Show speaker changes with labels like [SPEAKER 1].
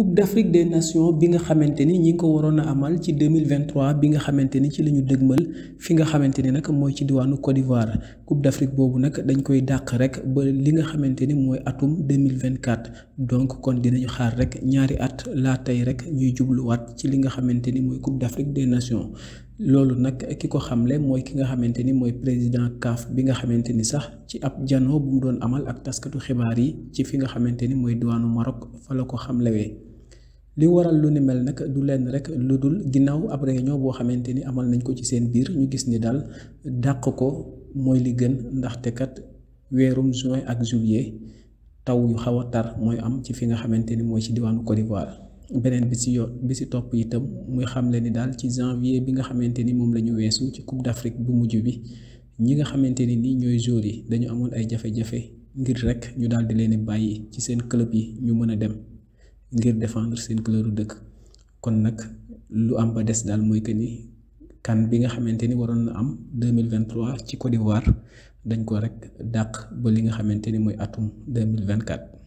[SPEAKER 1] Coupe d'Afrique des nation bi nga xamante ni ñi ngi ko waroon a amal ci 2023 bi nga xamante ni ci la ñu dëgmal fi nga xamante ni nag mooy ci diwaanu Côte d'Ivoire Coupe d'Afrique boobu nag dañ koy dàq rek ba li nga xamante ni mooy atum vingt 2024 donc kon dinañu xaar rek ñaari at laa tey rek ñuy jubluwaat ci li nga xamante ni mooy Coupe d'Afrique des nation loolu nag ki ko xamle mooy ki nga xamante ni mooy président CAF bi nga xamante ni sax ci ab janoo bu doon amal ak taskatu xibaar yi ci fi nga xamante ni mooy diwaanu Maroc fa la ko xamlewee li waral lu ne mel nag du leen rek lu dul ginnaaw ab réunion boo xamante ni amal nañ ko ci seen biir ñu gis ni daal dàq ko mooy li gën ndaxte kat weerum juin ak juillet taw yu xaw a tar mooy am ci fi nga xamante ni mooy ci diwaanu Côte beneen bi si yo bi si topp itam muy xamle ni daal ci janvier bi nga xamante ni moom la ñu weesu ci Coupe d'Afrique bu mujj bi ñi nga xamante ni nii ñooy joueurs yi dañu amoon ay jafe-jafe ngir rek ñu daal di leen bàyyi ci seen club yi ñu mën a dem. ngir defendre seen couleuru dëkk kon nag lu am ba des daal mooy que ni kan bi nga xamante ni waroon na am 2023 ci Côte d'Ivoire dañ ko rek dàq ba li nga xamante ni mooy atum 2024